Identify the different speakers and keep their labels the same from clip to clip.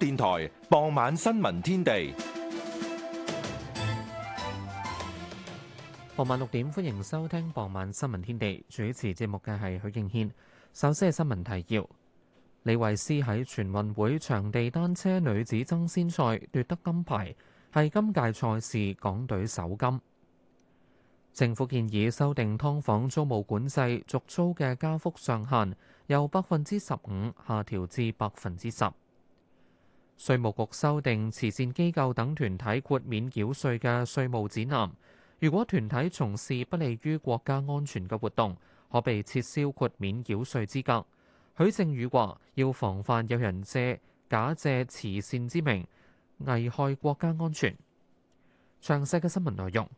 Speaker 1: 電台
Speaker 2: 傍晚新聞天地，
Speaker 3: 傍晚六點歡迎收聽傍晚新聞天地。主持節目嘅係許敬軒。首先係新聞提要：李慧詩喺全運會場地單車女子爭先賽奪得金牌，係今屆賽事港隊首金。政府建議修訂劏房租務管制續租嘅加幅上限，由百分之十五下調至百分之十。稅務局修訂慈善機構等團體豁免繳稅嘅稅務指南，如果團體從事不利於國家安全嘅活動，可被撤銷豁免繳稅資格。許正宇話：要防範有人借假借慈善之名危害國家安全。詳細嘅新聞內容，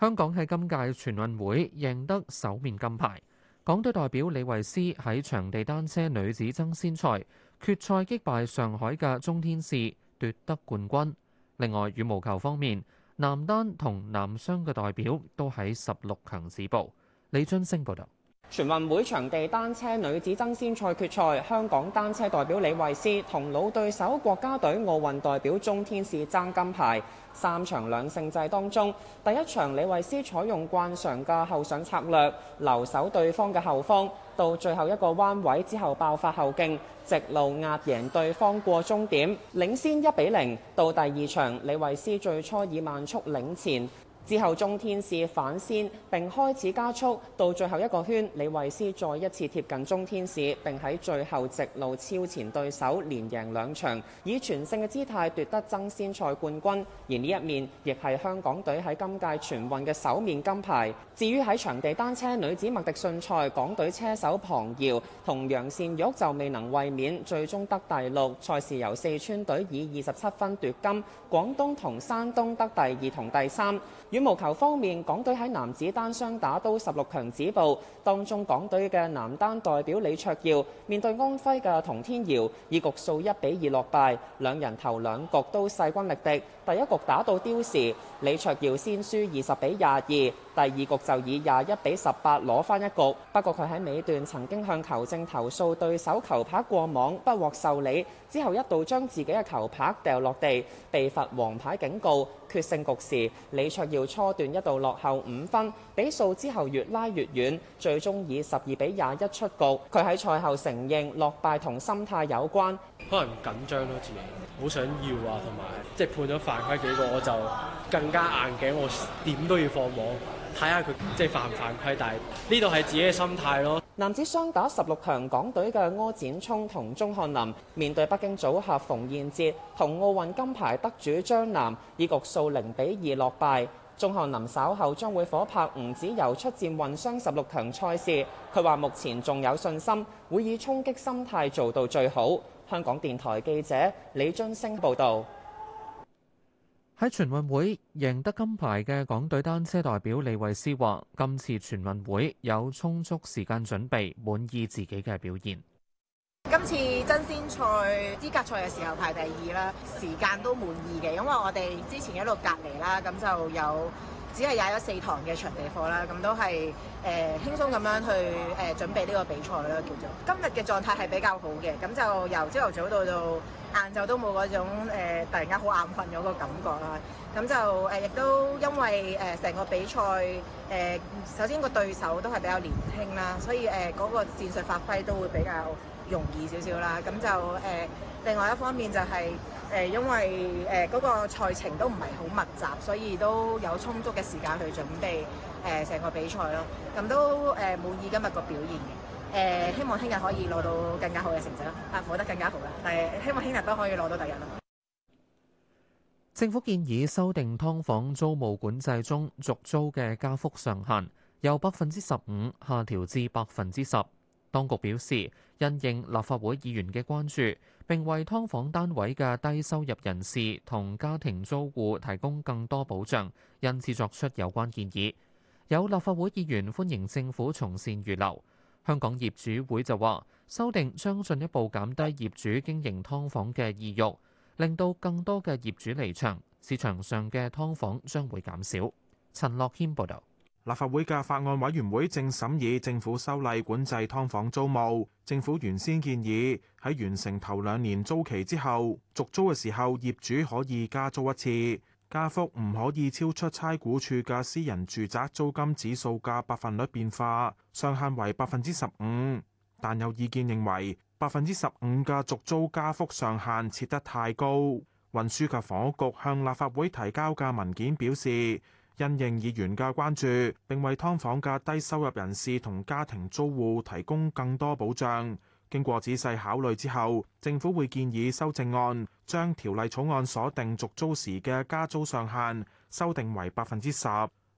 Speaker 3: 香港喺今屆全運會贏得首面金牌，港隊代表李慧詩喺場地單車女子爭先賽。決賽擊敗上海嘅中天士奪得冠軍。另外，羽毛球方面，男單同男雙嘅代表都喺十六強止步。李津星報道。
Speaker 4: 全運會場地單車女子爭先賽決賽，香港單車代表李慧詩同老對手國家隊奧運代表鍾天使爭金牌。三場兩勝制當中，第一場李慧詩採用慣常嘅後上策略，留守對方嘅後方，到最後一個彎位之後爆發後勁，直路壓贏對方過終點，領先一比零。到第二場，李慧詩最初以慢速領前。之後，鍾天使反先並開始加速，到最後一個圈，李慧詩再一次貼近鍾天使，並喺最後直路超前對手，連贏兩場，以全勝嘅姿態奪得爭先賽冠軍。而呢一面亦係香港隊喺今屆全運嘅首面金牌。至於喺場地單車女子麥迪遜賽，港隊車手龐瑤同楊善玉就未能衛冕，最終得第六。賽事由四川隊以二十七分奪金，廣東同山東得第二同第三。羽毛球方面，港隊喺男子單雙打都十六強止步。當中港隊嘅男單代表李卓耀面對安徽嘅童天垚，以局數一比二落敗。兩人頭兩局都勢均力敵，第一局打到刁時，李卓耀先輸二十比廿二。第二局就以廿一比十八攞翻一局，不過佢喺尾段曾經向球證投訴對手球拍過網，不獲受理，之後一度將自己嘅球拍掉落地，被罰黃牌警告。決勝局時，李卓耀初段一度落後五分，比數之後越拉越遠，最終以十二比廿一出局。佢喺賽後承認落敗同心態有關，可能緊張咯，自己好想要啊，同埋即係判咗犯規幾個，我就更加硬頸，我點都要放網。睇下佢即係犯唔犯規，但呢度係自己嘅心態咯。男子雙打十六強，港隊嘅柯展聰同鍾漢林面對北京組合馮燕哲同奧運金牌得主張楠，以局數零比二落敗。鍾漢林稍後將會夥拍吳子柔出戰混雙十六強賽事。佢話目前仲有信心，會以衝擊心態做到最好。香港電台記者李津星報道。
Speaker 3: 喺全運會贏得金牌嘅港隊單車代表李慧思話，今次全運會有充足時間準備，滿意自己嘅表現。
Speaker 5: 今次爭先賽、資格賽嘅時候排第二啦，時間都滿意嘅，因為我哋之前一路隔離啦，咁就有。只係踩咗四堂嘅場地課啦，咁都係誒、呃、輕鬆咁樣去誒、呃、準備呢個比賽啦，叫做今日嘅狀態係比較好嘅，咁就由朝頭早到到晏晝都冇嗰種、呃、突然間好眼瞓嗰個感覺啦，咁就誒亦、呃、都因為誒成、呃、個比賽誒、呃、首先個對手都係比較年輕啦，所以誒嗰、呃嗰個戰術發揮都會比較容易少少啦，咁就誒、呃、另外一方面就係、係。誒，因為誒嗰個賽程都唔係好密集，所以都有充足嘅時間去準備誒成個比賽咯。咁都誒滿意今日個表現嘅。誒，希望聽日可以攞到更加好嘅成績啦，發揮得更加好啦。但係希望聽日都可以攞到第一啦。
Speaker 3: 政府建議修訂劏房租務管制中續租嘅加幅上限，由百分之十五下調至百分之十。當局表示，因應立法會議員嘅關注，並為㓥房單位嘅低收入人士同家庭租戶提供更多保障，因此作出有關建議。有立法會議員歡迎政府從善如流。香港業主會就話，修訂將進一步減低業主經營㓥房嘅意欲，令到更多嘅業主離場，市場上嘅㓥房將會減少。
Speaker 6: 陳樂軒報導。立法會嘅法案委員會正審議政府修例管制劏房租務。政府原先建議喺完成頭兩年租期之後續租嘅時候，業主可以加租一次，加幅唔可以超出差估處嘅私人住宅租金指數嘅百分率變化上限為百分之十五。但有意見認為百分之十五嘅續租加幅上限設得太高。運輸及房屋局向立法會提交嘅文件表示。因應議員嘅關注，並為劏房嘅低收入人士同家庭租戶提供更多保障，經過仔細考慮之後，政府會建議修正案，將條例草案所定續租時嘅加租上限修訂為百分之十。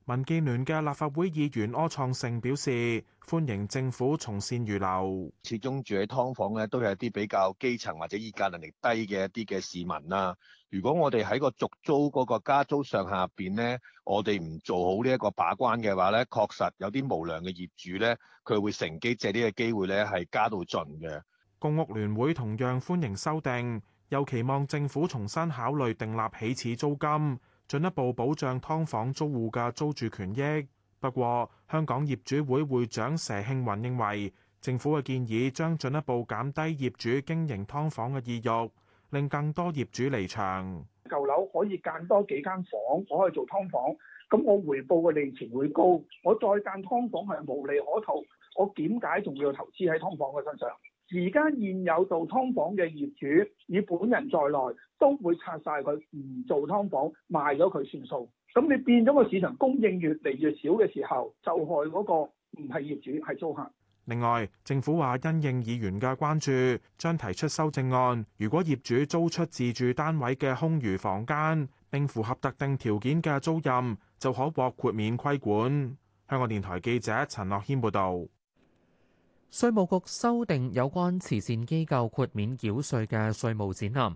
Speaker 6: 民建聯嘅立法會議員柯創盛表示，歡迎政府從善如流。始終住
Speaker 2: 喺劏房咧，都有一啲比較基層或者議價能力低嘅一啲嘅市民啦。如果我哋喺個續租嗰個加租上下邊呢，我哋唔做好呢一個把關嘅話呢確實有啲無良嘅業主呢，佢會乘機借呢個機會呢係加到盡嘅。
Speaker 6: 公屋聯會同樣歡迎修訂，又期望政府重新考慮訂立起始租金。進一步保障劏房租戶嘅租住權益。不過，香港業主會會長佘慶雲認為，政府嘅建議將進一步減低業主經營劏房嘅意欲，令更多業主離場。
Speaker 7: 舊樓可以間多幾間房，我可以做劏房，咁我回報嘅利錢會高。我再間劏房係無利可圖，我點解仲要投資喺劏房嘅身上？而家現有做劏房嘅業主，以本人在內，都會拆晒佢，唔做劏房，賣咗佢算數。咁你變咗個市場供應越嚟越少嘅時候，就害嗰個唔係業主，係租客。
Speaker 6: 另外，政府話因應議員嘅關注，將提出修正案，如果業主租出自住單位嘅空餘房間並符合特定條件嘅租賃，就可獲豁免規管。香港電台記者陳樂謙報導。稅
Speaker 3: 務局修訂有關慈善機構豁免繳稅嘅稅務指南，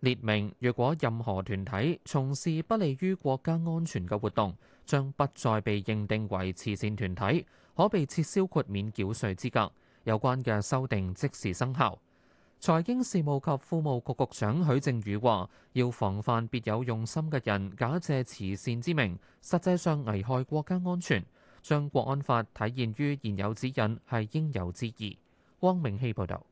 Speaker 3: 列明若果任何團體從事不利於國家安全嘅活動，將不再被認定為慈善團體，可被撤銷豁免繳稅資格。有關嘅修訂即時生效。財經事務及庫務局局長許正宇話，要防範別有用心嘅人假借慈善之名，實際上危害國家安全。將國安法體現於現有指引係應有之義。汪明希報導。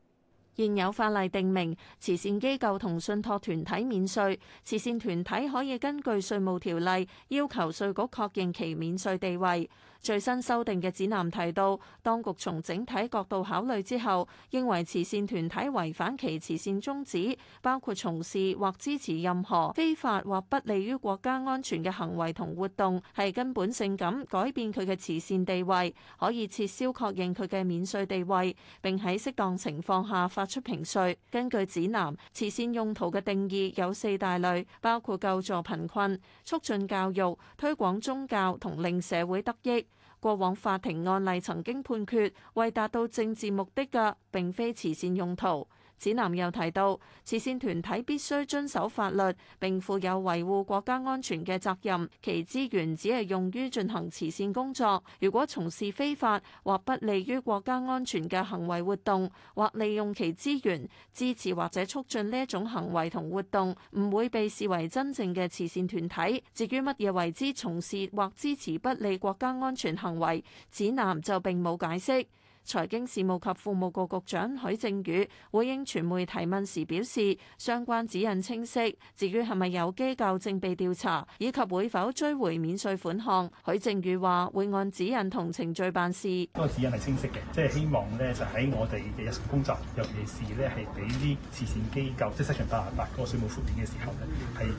Speaker 8: 現有法例定明慈善機構同信託團體免稅，慈善團體可以根據稅務條例要求稅局確認其免稅地位。最新修訂嘅指南提到，當局從整體角度考慮之後，認為慈善團體違反其慈善宗旨，包括從事或支持任何非法或不利於國家安全嘅行為同活動，係根本性咁改變佢嘅慈善地位，可以撤銷確認佢嘅免稅地位，並喺適當情況下發出評稅，根據指南，慈善用途嘅定義有四大類，包括救助貧困、促進教育、推廣宗教同令社會得益。過往法庭案例曾經判決，為達到政治目的嘅，並非慈善用途。指南又提到，慈善團體必須遵守法律，並負有維護國家安全嘅責任。其資源只係用於進行慈善工作。如果從事非法或不利於國家安全嘅行為活動，或利用其資源支持或者促進呢一種行為同活動，唔會被視為真正嘅慈善團體。至於乜嘢為之從事或支持不利國家安全行為，指南就並冇解釋。財經事務及庫務局局長許正宇回應傳媒提問時表示，相關指引清晰。至於係咪有機構正被調查，以及會否追回免稅款項，許正宇話會按指引同程序辦事。
Speaker 9: 嗰個指引係清晰嘅，即係希望咧就喺我哋嘅日常工作，尤其是咧係俾啲慈善機構即係七千八百個稅務負面嘅時候咧係。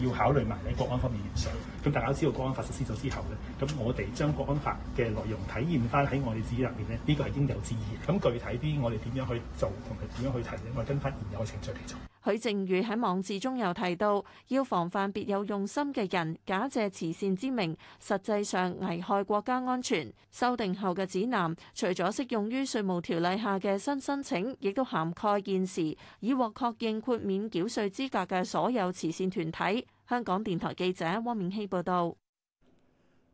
Speaker 9: 要考慮埋咧國安方面因素。咁大家知道國安法實施咗之後咧，咁我哋將國安法嘅內容體驗翻喺我哋自己入邊咧，呢個係應有之義。咁具體啲，我哋點樣去做同埋點樣去提咧，我哋跟翻現有嘅程序嚟做。
Speaker 8: 許正宇喺網誌中又提到，要防範別有用心嘅人假借慈善之名，實際上危害國家安全。修訂後嘅指南，除咗適用於稅務條例下嘅新申請，亦都涵蓋現時已獲確認豁免繳稅資格嘅所有慈善團體。香港電台記者汪綿希報道。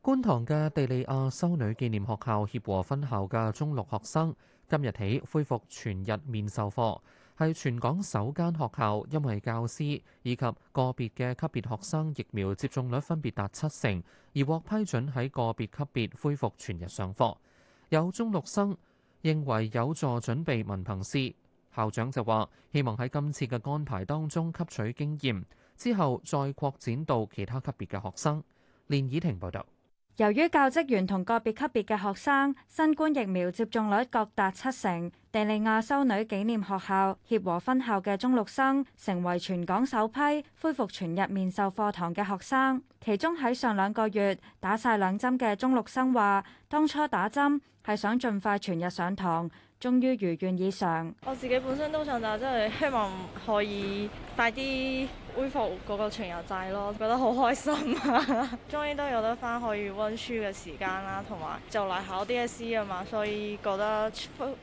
Speaker 3: 觀塘嘅地利亞修女紀念學校協和分校嘅中六學生，今日起恢復全日面授課。係全港首間學校，因為教師以及個別嘅級別學生疫苗接種率分別達七成，而獲批准喺個別級別恢復全日上課。有中六生認為有助準備文憑試。校長就話：希望喺今次嘅安排當中吸取經驗，之後再擴展到其他級別嘅學生。連以婷報道。
Speaker 10: 由於教職員同個別級別嘅學生新冠疫苗接種率各達七成，地利亞修女紀念學校協和分校嘅中六生成為全港首批恢復全日面授課堂嘅學生。其中喺上兩個月打晒兩針嘅中六生話，當初打針係想盡快全日上堂，終於如願以償。
Speaker 8: 我自己本身都想打針，真係希望可以快啲。恢復嗰個全日制咯，覺得好開心啊！終 於都有得翻可以温書嘅時間啦，同埋就嚟考 DSE 啊嘛，所以覺得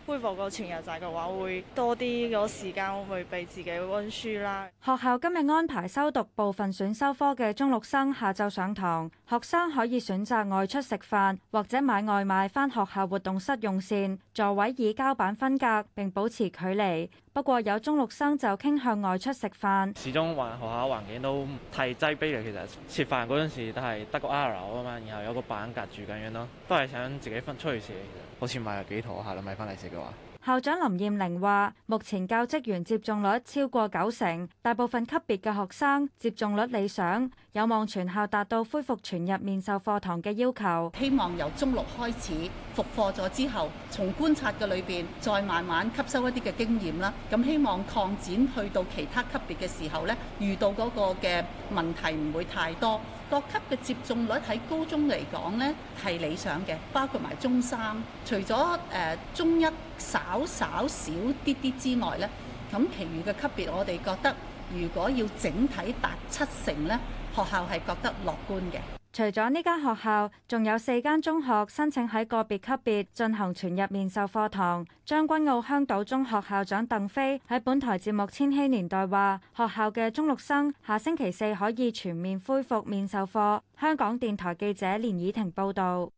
Speaker 8: 恢復個全日制嘅話，會多啲嗰時間會俾自己温書啦。
Speaker 10: 學校今日安排修讀部分選修科嘅中六生下晝上堂，學生可以選擇外出食飯或者買外賣返學校活動室用膳，座位以膠板分隔並保持距離。不過有中六生就傾向外出食飯，始
Speaker 11: 終學校環境都太擠逼啦，其實食飯嗰陣時都係得個 Iron 啊嘛，o, 然後有個板隔住咁樣咯，都係想自己分出去食，好似買幾套學校啦，買翻嚟食嘅話。
Speaker 10: 校長林燕玲話，目前教職員接種率超過九成，大部分級別嘅學生接種率理想，有望全校達到恢復全日面授課堂嘅要求。希望由中六開始復課咗之後，從觀察嘅裏邊
Speaker 5: 再慢慢吸收一啲嘅經驗啦。咁希望擴展去到其他級別嘅時候咧，遇到嗰個嘅問題唔會太多。各級嘅接種率喺高中嚟講呢係理想嘅，包括埋中三，除咗誒中一稍稍少啲啲之外呢，咁其餘嘅級別我哋覺得如果要整體達七成呢，學校係覺得樂觀嘅。
Speaker 10: 除咗呢間學校，仲有四間中學申請喺個別級別進行全日面授課堂。將軍澳香島中學校長鄧飛喺本台節目《千禧年代》話，學校嘅中六生下星期四可以全面恢復面授課。香港電台記者連以婷報道。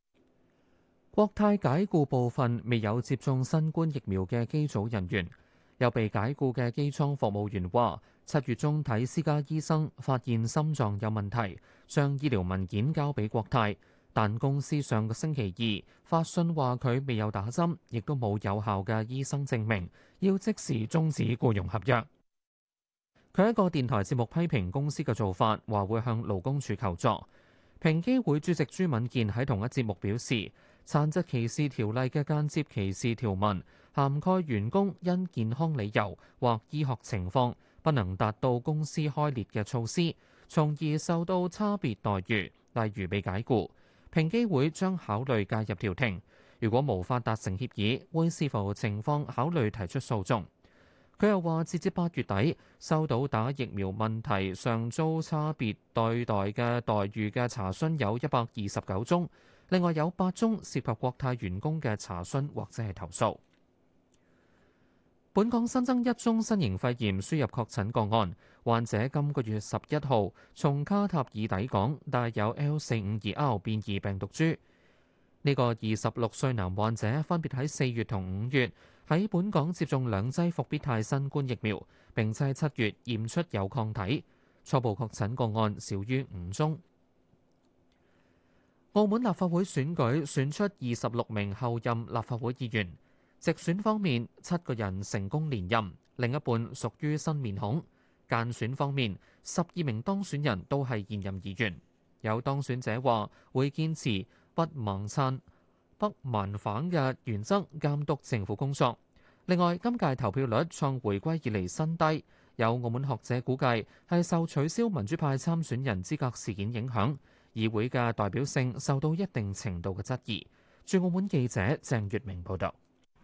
Speaker 3: 國泰解僱部分未有接種新冠疫苗嘅機組人員，有被解僱嘅機艙服務員話，七月中睇私家醫生，發現心臟有問題，將醫療文件交俾國泰。但公司上個星期二發信話佢未有打針，亦都冇有效嘅醫生證明，要即時終止僱傭合約。佢喺個電台節目批評公司嘅做法，話會向勞工處求助。平機會主席朱敏健喺同一節目表示，《殘疾歧視條例》嘅間接歧視條文涵蓋員工因健康理由或醫學情況。不能達到公司開列嘅措施，從而受到差別待遇，例如被解雇。平機會將考慮介入調停，如果無法達成協議，會視乎情況考慮提出訴訟。佢又話，截至八月底，收到打疫苗問題上遭差別對待嘅待遇嘅查詢有一百二十九宗，另外有八宗涉及國泰員工嘅查詢或者係投訴。本港新增一宗新型肺炎輸入確診個案，患者今個月十一號從卡塔爾抵港，帶有 L 四五二 R 變異病毒株。呢、這個二十六歲男患者分別喺四月同五月喺本港接種兩劑復必泰新冠疫苗，並在七月驗出有抗體，初步確診個案少於五宗。澳門立法會選舉選出二十六名候任立法會議員。直選方面，七個人成功連任，另一半屬於新面孔。間選方面，十二名當選人都係現任議員，有當選者話會堅持不盲撐、不盲反嘅原則監督政府工作。另外，今屆投票率創回歸以嚟新低，有澳門學者估計係受取消民主派參選人資格事件影響，議會嘅代表性受到一定程度嘅質疑。駐澳門記者鄭月明報道。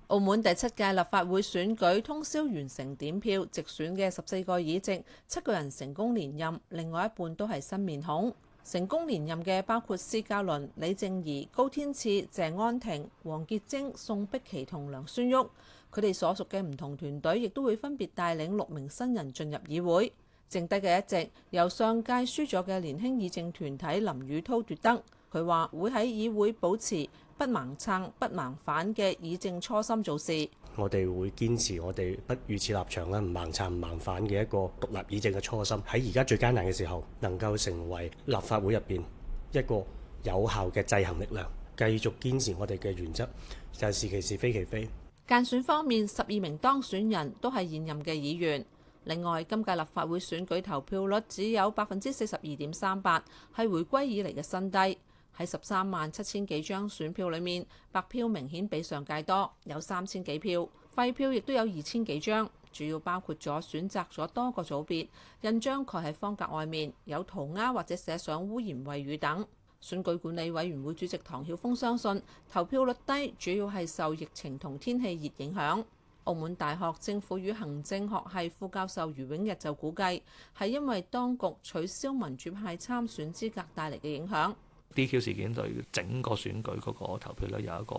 Speaker 5: 澳門第七屆立法會選舉通宵完成點票，直選嘅十四個議席，七個人成功連任，另外一半都係新面孔。成功連任嘅包括施家倫、李靜儀、高天賜、謝安婷、黃潔貞、宋碧琪同梁孫旭。佢哋所屬嘅唔同團隊亦都會分別帶領六名新人進入議會。剩低嘅一席由上屆輸咗嘅年輕議政團體林宇滔奪得。佢話會喺議會保持不盲撐、不盲反嘅議政初心做事，
Speaker 9: 我哋會堅持我哋不與此立場啦，唔盲撐、唔盲反嘅一個獨立議政嘅初心。喺而家最艱難嘅時候，能夠成為立法會入邊一個有效嘅制衡力量，繼續堅持我哋嘅原則，就係、是、是其是非其非。
Speaker 5: 間選方面，十二名當選人都係現任嘅議員。另外，今屆立法會選舉投票率只有百分之四十二點三八，係回歸以嚟嘅新低。喺十三萬七千幾張選票裏面，白票明顯比上屆多，有三千幾票；廢票亦都有二千幾張，主要包括咗選擇咗多個組別、印章蓋喺方格外面、有塗鴉或者寫上污言穢語等。選舉管理委員會主席唐曉峰相信投票率低主要係受疫情同天氣熱影響。澳門大學政府與行政學系副教授余永逸就估計係因為當局取消民主派參選資格帶嚟嘅影響。
Speaker 9: DQ 事件對
Speaker 3: 整個選舉嗰個投票率有一個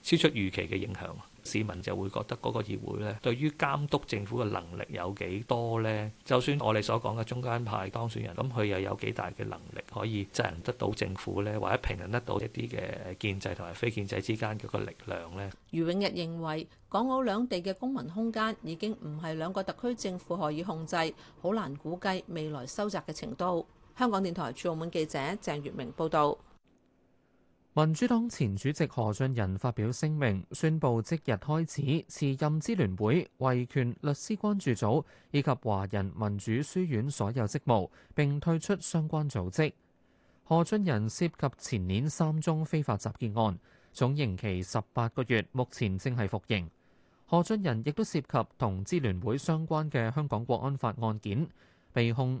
Speaker 3: 超出預期嘅影響，市民就會覺得嗰個議會咧，對於監督政府嘅能力有幾多咧？就算我哋所講嘅中間派當選人，咁佢又有幾大嘅能力可以質疑得到政府咧，或者平衡得到一啲嘅建制同埋非建制之間嘅個力量咧？
Speaker 5: 余永日認為，港澳兩地嘅公民空間已經唔係兩個特區政府可以控制，好難估計未來收窄嘅程度。香港電台駐澳門記者鄭月明報道，
Speaker 3: 民主黨前主席何俊仁發表聲明，宣佈即日開始辭任支聯會、維權律師關注組以及華人民主書院所有職務，並退出相關組織。何俊仁涉及前年三宗非法集結案，總刑期十八個月，目前正係服刑。何俊仁亦都涉及同支聯會相關嘅香港國安法案件，被控，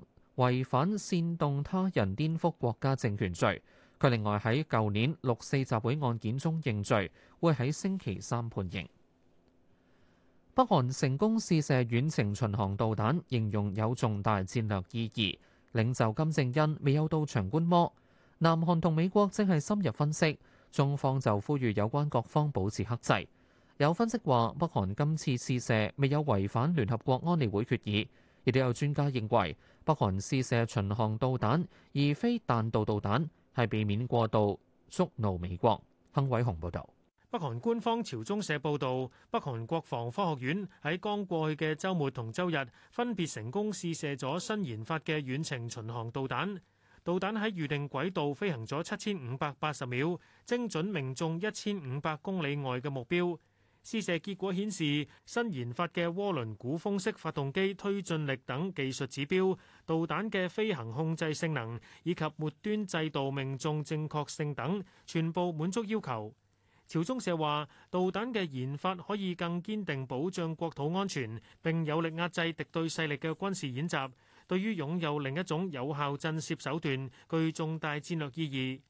Speaker 3: 違反煽動他人、顛覆國家政權罪。佢另外喺舊年六四集會案件中認罪，會喺星期三判刑。北韓成功試射遠程巡航導彈，形容有重大戰略意義。領袖金正恩未有到場觀摩。南韓同美國正係深入分析，中方就呼籲有關各方保持克制。有分析話，北韓今次試射未有違反聯合國安理會決議，亦都有專家認為。北韓試射巡航導彈，而非彈道導彈，係避免過度觸怒美國。亨偉雄報導，
Speaker 9: 北韓官方朝中社報導，北韓國防科學院喺剛過去嘅週末同週日，分別成功試射咗新研發嘅遠程巡航導彈。導彈喺預定軌道飛行咗七千五百八十秒，精準命中一千五百公里外嘅目標。試射結果顯示，新研發嘅渦輪鼓風式發動機推進力等技術指標，導彈嘅飛行控制性能以及末端制導命中正確性等，全部滿足要求。朝中社話，導彈嘅研發可以更堅定保障國土安全，並有力壓制敵對勢力嘅軍事演習，對於擁有另一種有效震懾手段，具重大戰略意義。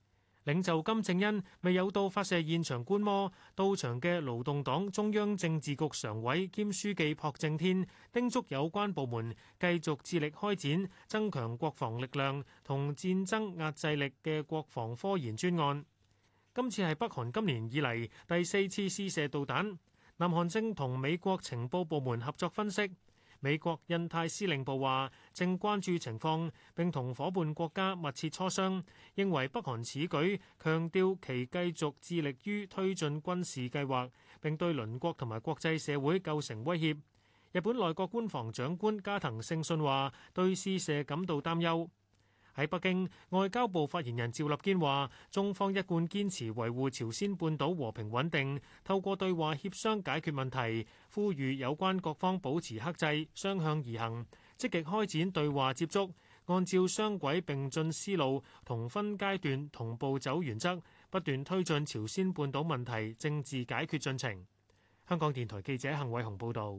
Speaker 9: 領袖金正恩未有到發射現場觀摩，到場嘅勞動黨中央政治局常委兼書記朴正天叮囑有關部門繼續致力開展增強國防力量同戰爭壓制力嘅國防科研專案。今次係北韓今年以嚟第四次試射導彈，南韓正同美國情報部門合作分析。美國印太司令部話正關注情況，並同伙伴國家密切磋商，認為北韓此舉強調其繼續致力於推進軍事計劃，並對鄰國同埋國際社會構成威脅。日本內閣官房長官加藤勝信話對試射感到擔憂。喺北京，外交部發言人趙立堅話：中方一貫堅持維護朝鮮半島和平穩定，透過對話協商解決問題，呼籲有關各方保持克制，相向而行，積極開展對話接觸，按照雙軌並進思路同分階段同步走原則，不斷推進朝鮮半島問題政治解決進程。香港電台記者陳偉雄報道。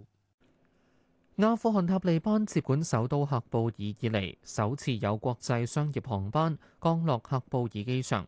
Speaker 3: 阿富汗塔利班接管首都喀布爾以嚟，首次有國際商業航班降落喀布爾機場。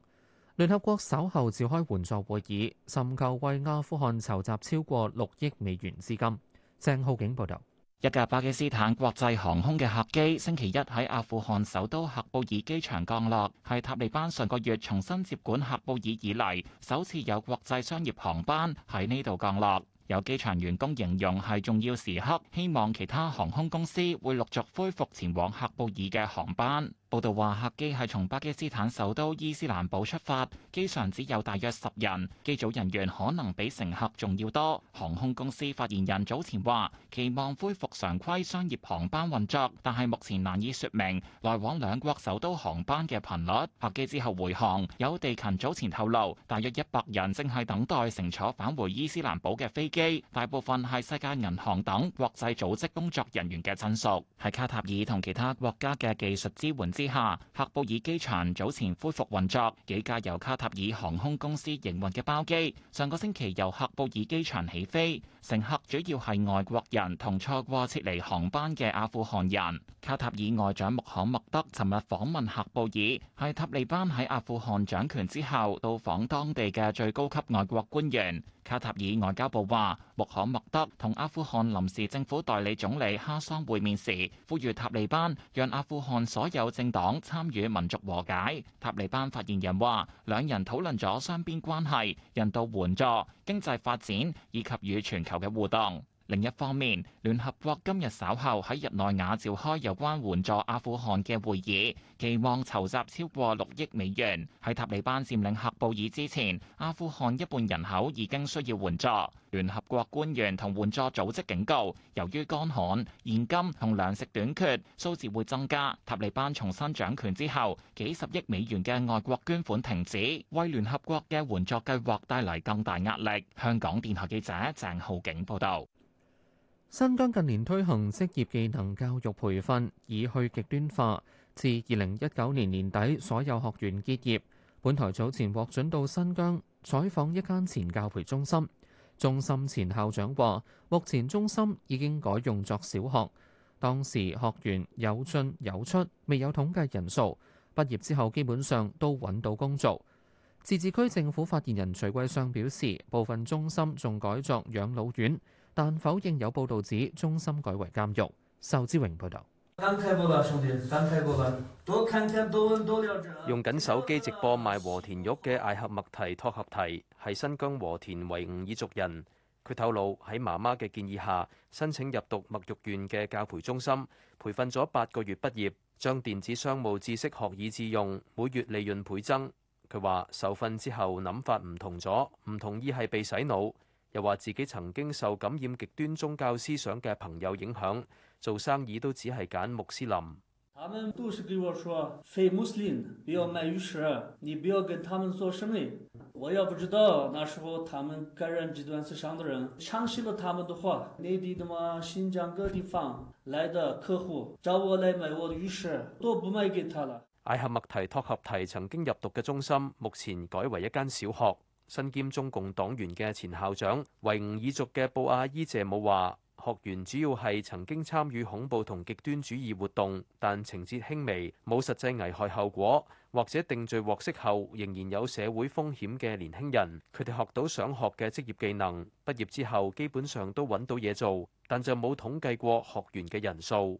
Speaker 3: 聯合國稍後召開援助會議，尋求為阿富汗籌集超過六億美元資
Speaker 12: 金。鄭浩景報道。一架巴基斯坦國際航空嘅客機，星期一喺阿富汗首都喀布爾機場降落，係塔利班上個月重新接管喀布爾以嚟，首次有國際商業航班喺呢度降落。有機場員工形容係重要時刻，希望其他航空公司會陸續恢復前往喀布爾嘅航班。報道話客機係從巴基斯坦首都伊斯蘭堡出發，機上只有大約十人，機組人員可能比乘客仲要多。航空公司發言人早前話期望恢復常規商業航班運作，但係目前難以說明來往兩國首都航班嘅頻率。客機之後回航，有地勤早前透露，大約一百人正係等待乘坐返回伊斯蘭堡嘅飛機，大部分係世界銀行等國際組織工作人員嘅親屬，喺卡塔爾同其他國家嘅技術支援。之下，喀布爾機場早前恢復運作，幾架由卡塔爾航空公司營運嘅包機上個星期由喀布爾機場起飛，乘客主要係外國人同錯過撤離航班嘅阿富汗人。卡塔爾外長穆罕默德尋日訪問喀布爾，係塔利班喺阿富汗掌權之後到訪當地嘅最高級外國官員。卡塔爾外交部話，穆罕默德同阿富汗臨時政府代理總理哈桑會面時，呼籲塔利班讓阿富汗所有政黨參與民族和解。塔利班發言人話，兩人討論咗雙邊關係、人道援助、經濟發展以及與全球嘅互動。另一方面，聯合國今日稍後喺日內瓦召開有關援助阿富汗嘅會議，期望籌集超過六億美元。喺塔利班佔領喀布爾之前，阿富汗一半人口已經需要援助。聯合國官員同援助組織警告，由於乾旱、現金同糧食短缺，數字會增加。塔利班重新掌權之後，幾十億美元嘅外國捐款停止，為聯合國嘅援助計劃帶嚟更大壓力。香港電台記者鄭浩景報道。
Speaker 3: 新疆近年推行職業技能教育培訓，已去極端化。至二零一九年年底，所有學員結業。本台早前獲准到新疆採訪一間前教培中心，中心前校長話：目前中心已經改用作小學，當時學員有進有出，未有統計人數。畢業之後基本上都揾到工作。自治區政府發言人徐貴相表示，部分中心仲改作養老院。但否認有報道指中心改為監獄。仇志榮報導。
Speaker 13: 用緊手機直播賣和田玉嘅艾合麥提托合提係新疆和田維吾爾族人。佢透露喺媽媽嘅建議下申請入讀墨玉縣嘅教培中心，培訓咗八個月畢業，將電子商務知識學以致用，每月利潤倍增。佢話受訓之後諗法唔同咗，唔同意係被洗腦。又話自己曾經受感染極端宗教思想嘅朋友影響，做生意都只係揀穆斯林。
Speaker 10: 他
Speaker 9: 們都是跟我說，非穆斯林不要買玉石，你不要跟他們做生意。我也不知道，那時候他們感染極端思想的人，相信了他們的話。內地的嘛，新疆各地方來的客戶找我來買我玉石，都不賣給他了。
Speaker 13: 艾哈麥提托合提曾經入讀嘅中心，目前改為一間小學。身兼中共黨員嘅前校長維吾爾族嘅布阿伊謝姆話，學員主要係曾經參與恐怖同極端主義活動，但情節輕微，冇實際危害後果，或者定罪獲釋後仍然有社會風險嘅年輕人。佢哋學到想學嘅職業技能，畢業之後基本上都揾到嘢做，但就冇統計過學員嘅人數。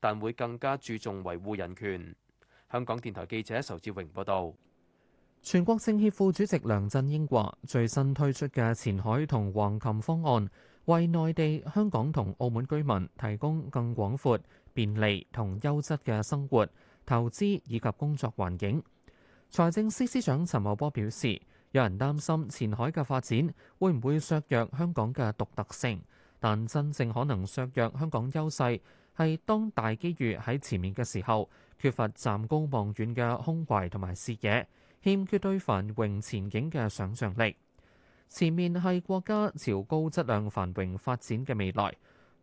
Speaker 13: 但會更加注重維護人權。香港電台記者仇志榮報導。
Speaker 3: 全國政協副主席梁振英話，最新推出嘅前海同橫琴方案，為內地、香港同澳門居民提供更廣闊、便利同優質嘅生活、投資以及工作環境。財政司司長陳茂波表示，有人擔心前海嘅發展會唔會削弱香港嘅獨特性，但真正可能削弱香港優勢，係當大機遇喺前面嘅時候，缺乏站高望遠嘅胸懷同埋視野，欠缺對繁榮前景嘅想像力。前面係國家朝高質量繁榮發展嘅未來，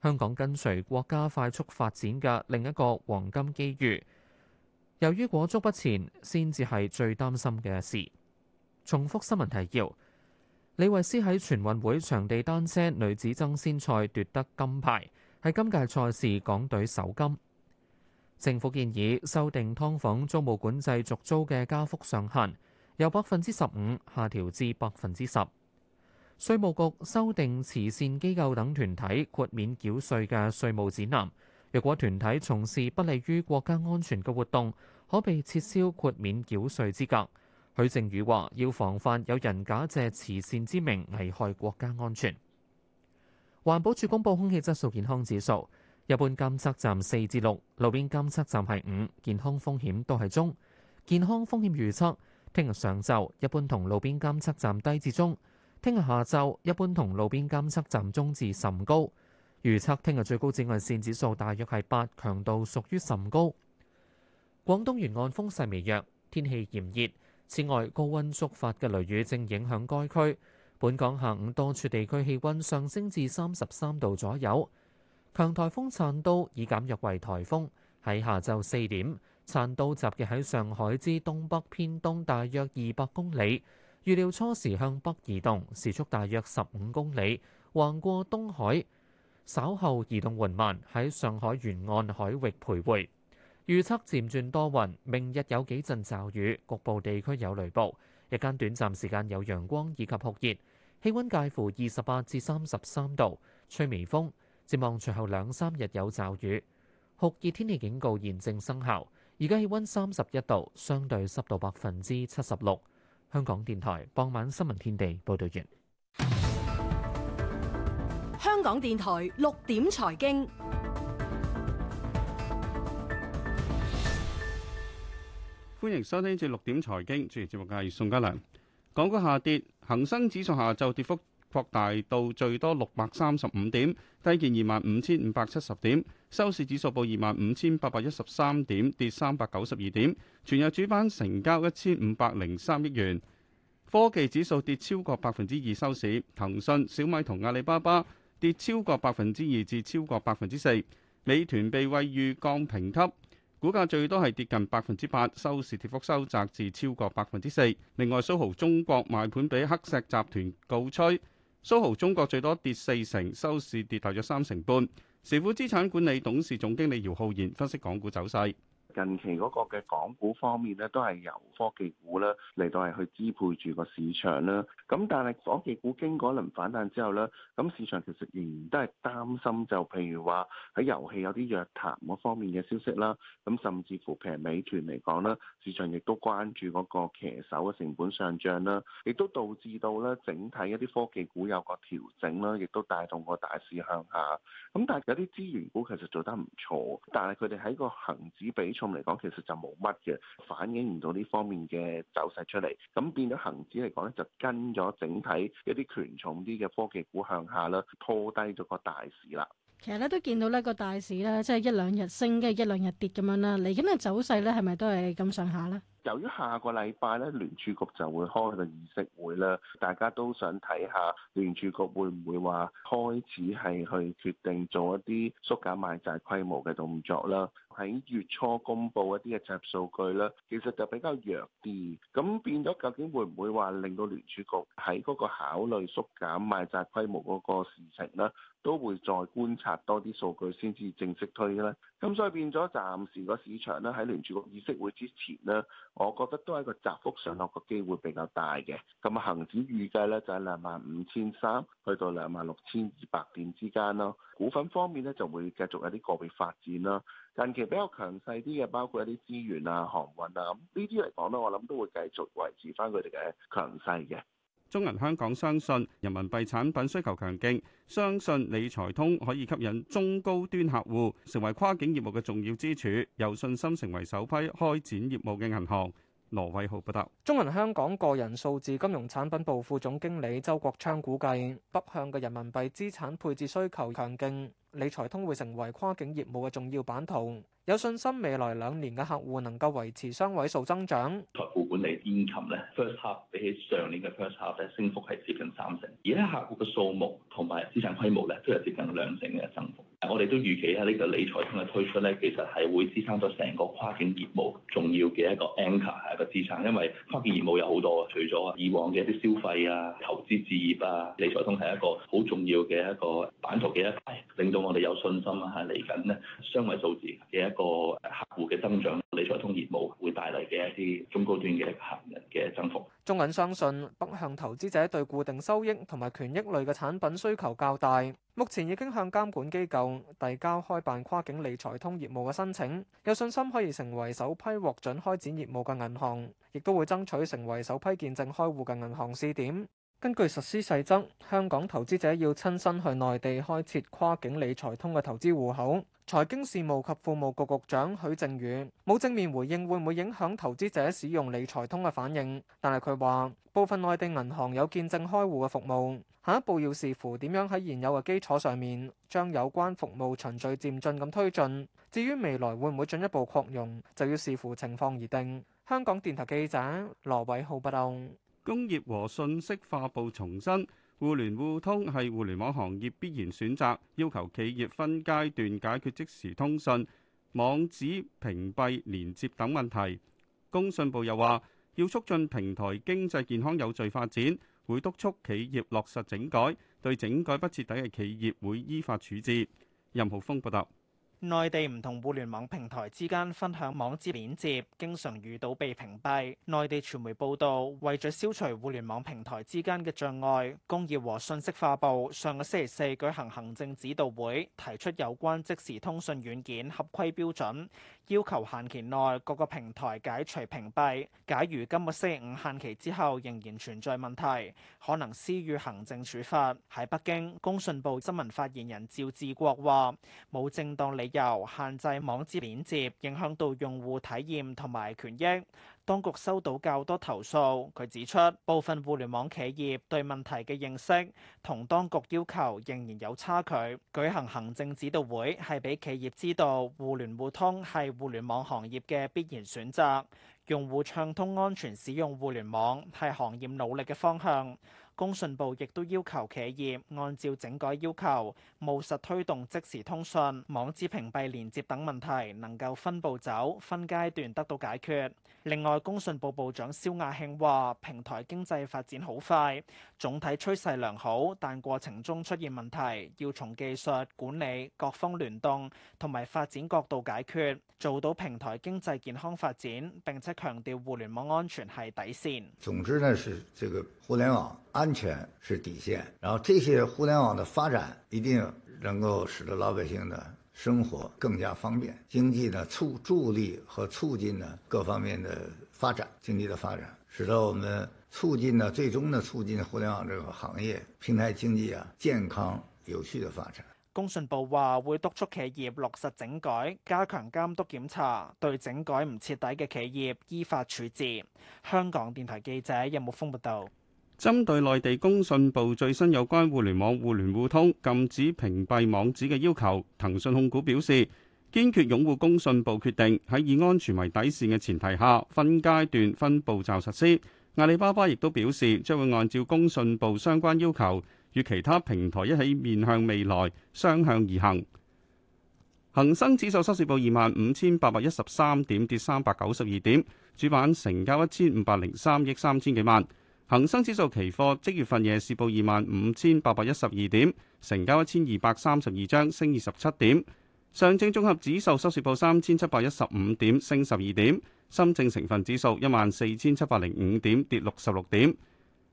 Speaker 3: 香港跟隨國家快速發展嘅另一個黃金機遇。由於裹足不前，先至係最擔心嘅事。重複新聞提要：李慧詩喺全運會場地單車女子爭先賽奪得金牌。喺今屆賽事，港隊首金。政府建議修訂劏房租務管制續租嘅加幅上限，由百分之十五下調至百分之十。稅務局修訂慈善機構等團體豁免繳稅嘅稅務指南，若果團體從事不利於國家安全嘅活動，可被撤銷豁免繳稅資格。許正宇話：要防範有人假借慈善之名危害國家安全。環保署公布空氣質素健康指數，一般監測站四至六，路邊監測站係五，健康風險都係中。健康風險預測：聽日上晝一般同路邊監測站低至中；聽日下晝一般同路邊監測站中至甚高。預測聽日最高紫外線指數大約係八，強度屬於甚高。廣東沿岸風勢微弱，天氣炎熱。此外，高溫觸發嘅雷雨正影響該區。本港下午多處地區氣溫上升至三十三度左右。強颱風燦都已減弱為颱風。喺下晝四點，燦都集結喺上海至東北偏東大約二百公里，預料初時向北移動，時速大約十五公里，橫過東海，稍後移動緩慢，喺上海沿岸海域徘徊。預測漸轉多雲，明日有幾陣驟雨，局部地區有雷暴。日間短暫時間有陽光以及酷熱，氣溫介乎二十八至三十三度，吹微風。展望隨後兩三日有驟雨。酷熱天氣警告現正生效。而家氣溫三十一度，相對濕度百分之七十六。香港電台傍晚新聞天地報道完。
Speaker 5: 香港電台六點財經。
Speaker 1: 歡迎收聽至六點財經，主持節目嘅係宋嘉良。港股下跌，恆生指數下晝跌幅擴大到最多六百三十五點，低見二萬五千五百七十點，收市指數報二萬五千八百一十三點，跌三百九十二點。全日主板成交一千五百零三億元。科技指數跌超過百分之二，收市。騰訊、小米同阿里巴巴跌超過百分之二至超過百分之四，美團被惠譽降評級。股價最多係跌近百分之八，收市跌幅收窄至超過百分之四。另外，蘇豪中國賣盤俾黑石集團告吹，蘇豪中國最多跌四成，收市跌大咗三成半。時富資產管理董事總經理姚浩然分析港股走勢。近期嗰個嘅港股方面咧，都係由科技股咧嚟到係去
Speaker 7: 支配住個市場啦。咁但係科技股經過一輪反彈之後咧，咁市場其實仍然都係擔心就，就譬如話，喺遊戲有啲約談嗰方面嘅消息啦。咁甚至乎譬如美團嚟講啦，市場亦都關注嗰個騎手嘅成本上漲啦，亦都導致到咧整體一啲科技股有個調整啦，亦都帶動個大市向下。咁但係有啲資源股其實做得唔錯，但係佢哋喺個恒指比重嚟講其實就冇乜嘅，反映唔到呢方面嘅走勢出嚟，咁變咗恒指嚟講咧，就跟咗整體一啲權重啲嘅科技股向下啦，拖低咗個大市啦。
Speaker 8: 其實咧都見到咧個大市咧，即係一兩日升嘅一兩日跌咁樣啦，嚟緊嘅走勢咧係咪都係咁上下咧？
Speaker 7: 由於下個禮拜咧，聯儲局就會開個議息會啦，大家都想睇下聯儲局會唔會話開始係去決定做一啲縮減買債規模嘅動作啦。喺月初公布一啲嘅集數據啦，其實就比較弱啲，咁變咗究竟會唔會話令到聯儲局喺嗰個考慮縮減買債規模嗰個事情呢？都會再觀察多啲數據先至正式推呢。咁所以變咗暫時個市場咧喺聯儲局議息會之前呢。我覺得都係一個窄幅上落嘅機會比較大嘅，咁啊，恒指預計咧就係兩萬五千三去到兩萬六千二百點之間咯。股份方面咧就會繼續有啲個別發展啦。近期比較強勢啲嘅包括一啲資源啊、航運啊咁呢啲嚟講咧，我諗都會繼續維持返佢哋嘅強勢嘅。
Speaker 1: 中銀香港相信人民幣產品需求強勁，相信理財通可以吸引中高端客戶，成為跨境業務嘅重要支柱，有信心成為首批開展業務嘅銀行。羅偉豪報道，
Speaker 11: 中銀香港個人數字金融產品部副總經理周國昌估計，北向嘅人民幣資產配置需求強勁，理財通會成為跨境業務嘅重要版圖。有信心未來兩年嘅客戶能夠維持雙位數增長。
Speaker 12: 財富管理嘅 income 咧，first half 比起上年嘅 first half 咧，升幅係接近三成，而家客戶嘅數目同埋資產規模咧，都係接近兩成嘅增幅。我哋都預期喺呢個理財通嘅推出咧，其實係會支撐咗成個跨境業務重要嘅一個 anchor 一個資產，因為跨境業務有好多啊，除咗以往嘅一啲消費啊、投資置業啊、理財通係一個好重要嘅一個版圖嘅一塊，令到我哋有信心啊，嚟緊呢雙位數字嘅一，個客戶嘅增長，理財通業務會帶嚟嘅一啲中高端嘅客人嘅增幅。
Speaker 11: 中銀相信，北向投資者對固定收益同埋權益類嘅產品需求較大，目前已經向監管機構遞交開辦跨境理財通業務嘅申請，有信心可以成為首批獲准開展業務嘅銀行，亦都會爭取成為首批見證開戶嘅銀行試點。根據實施細則，香港投資者要親身去內地開設跨境理財通嘅投資戶口。財經事務及庫務局局長許正宇冇正面回應會唔會影響投資者使用理財通嘅反應，但係佢話部分內地銀行有見證開戶嘅服務，下一步要視乎點樣喺現有嘅基礎上面將有關服務循序漸進咁推進。至於未來會唔會進一步擴容，就要視乎情況而定。香港電台記者羅偉浩報道。
Speaker 1: 工業和信息化部重申。互聯互通係互聯網行業必然選擇，要求企業分階段解決即時通訊、網址屏蔽、連接等問題。工信部又話，要促進平台經濟健康有序發展，會督促企業落實整改，對整改不徹底嘅企業會依法處置。任浩峰報道。
Speaker 2: 內地唔同互聯網平台之間分享網址鏈接，經常遇到被屏蔽。內地傳媒報道，為咗消除互聯網平台之間嘅障礙，工業和信息化部上個星期四舉行行政指導會，提出有關即時通訊軟件合規標準。要求限期內各個平台解除屏蔽。假如今個星期五限期之後仍然存在問題，可能施予行政處罰。喺北京，工信部新聞發言人趙志國話：冇正當理由限制網址鏈接，影響到用戶體驗同埋權益。當局收到較多投訴，佢指出部分互聯網企業對問題嘅認識同當局要求仍然有差距。舉行行政指導會係俾企業知道，互聯互通係互聯網行業嘅必然選擇，用戶暢通安全使用互聯網係行業努力嘅方向。工信部亦都要求企業按照整改要求，務實推動即時通訊網址屏蔽、連接等問題能夠分步走、分階段得到解決。另外，工信部部長肖亞慶話平台經濟發展好快，總體趨勢良好，但過程中出現問題要從技術管理、各方聯動同埋發展角度解決，做到平台經濟健康發展。並且強調互聯網安全係底線。
Speaker 10: 總之呢，是這個互聯網。安全是底線，然後這些互聯網的發展一定能夠使得老百姓呢生活更加方便，經濟呢促助力和促進呢各方面的發展，經濟的發展，使得我們促進呢最終呢促進互聯網這個行業平台經濟啊健康有序的發展。
Speaker 2: 工信部話會督促企業落實整改，加強監督檢查，對整改唔徹底嘅企業依法處置。香港電台記者任木峰報道。
Speaker 1: 針對內地工信部最新有關互聯網互聯互通禁止屏蔽網址嘅要求，騰訊控股表示堅決擁護工信部，決定喺以安全為底線嘅前提下分階段分步驟實施。阿里巴巴亦都表示將會按照工信部相關要求，與其他平台一起面向未來雙向而行。恒生指數收市報二萬五千八百一十三點，跌三百九十二點，主板成交一千五百零三億三千幾萬。.恒生指數期貨即月份夜市報二萬五千八百一十二點，成交一千二百三十二張，升二十七點。上證綜合指數收市報三千七百一十五點，升十二點。深證成分指數一萬四千七百零五點，跌六十六點。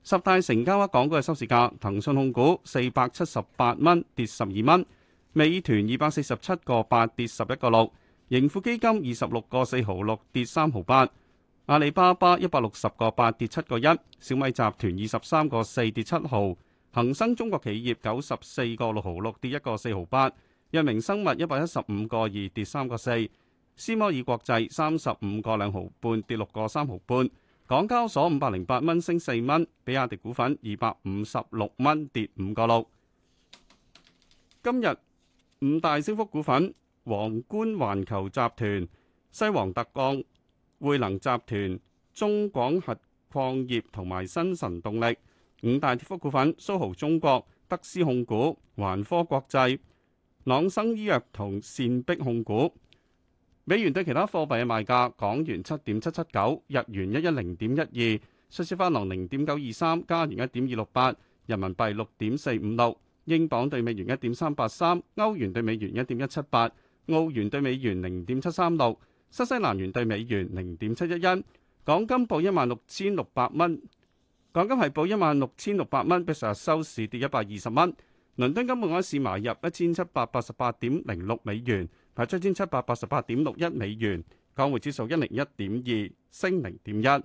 Speaker 1: 十大成交額港股嘅收市價：騰訊控股四百七十八蚊，跌十二蚊；美團二百四十七個八，跌十一個六；盈富基金二十六個四毫六，跌三毫八。阿里巴巴一百六十個八跌七個一，小米集團二十三個四跌七毫，恒生中國企業九十四個六毫六跌一個四毫八，藥明生物一百一十五個二跌三個四，思摩爾國際三十五個兩毫半跌六個三毫半，港交所五百零八蚊升四蚊，比亞迪股份二百五十六蚊跌五個六，今日五大升幅股份：皇冠環球集團、西王特鋼。匯能集團、中廣核礦業同埋新晨動力。五大跌幅股份：蘇豪中國、德斯控股、環科國際、朗生醫藥同善壁控股。美元對其他貨幣嘅賣價：港元七點七七九，日元一一零點一二，瑞士法郎零點九二三，加元一點二六八，人民幣六點四五六，英鎊對美元一點三八三，歐元對美元一點一七八，澳元對美元零點七三六。新西蘭元對美元零點七一一，港金報一萬六千六百蚊，港金係報一萬六千六百蚊，比上日收市跌一百二十蚊。倫敦金每盎司買入一千七百八十八點零六美元，賣出一千七百八十八點六一美元，港匯指數一零一點二，升零點一。